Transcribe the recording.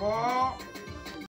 more